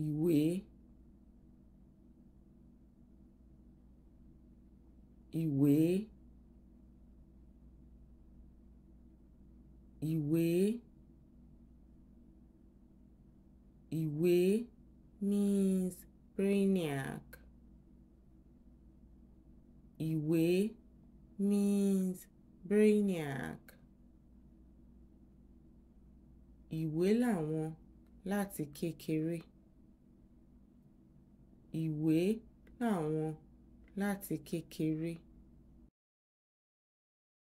ìwé ìwé ìwé ìwé means brainiac ìwé means brainiac ìwé làwọn láti kékeré ìwé àwọn láti kékeré